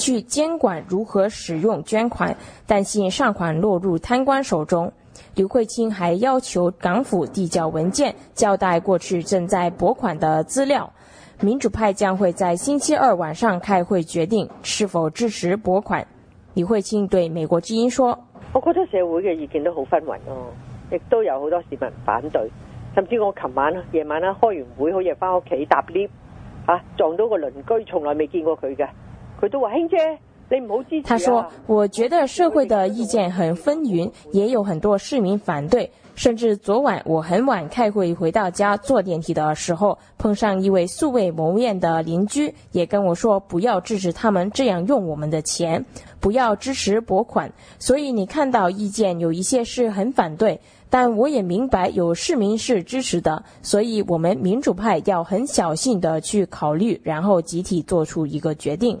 去監管如何使用捐款，擔心善款落入貪官手中。劉慧卿還要求港府遞交文件，交代過去正在撥款的資料。民主派將會在星期二晚上開會，決定是否支持撥款。劉慧卿對美國之音說：，我覺得社會嘅意見都好紛紜哦，亦都有好多市民反對，甚至我琴晚夜晚開完會，好夜翻屋企搭 lift，撞到個鄰居，從來未見過佢嘅。他說，我覺得社會的意見很紛紜，也有很多市民反對，甚至昨晚我很晚開會回到家坐電梯的時候碰上一位素未謀面的鄰居，也跟我說，不要支持他們這樣用我們的錢，不要支持撥款。所以你看到意見有一些是很反對，但我也明白有市民是支持的，所以我們民主派要很小心地去考慮，然後集體做出一個決定。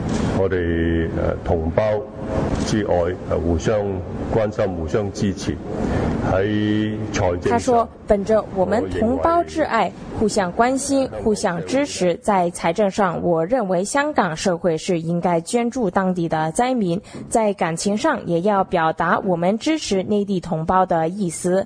我哋同胞之愛，互相關心，互相支持，喺財政上，他說：本着我們同胞摯愛、互相關心、互相支持，在財政上，我認為香港社會是應該捐助當地的災民。在感情上，也要表達我們支持內地同胞的意思。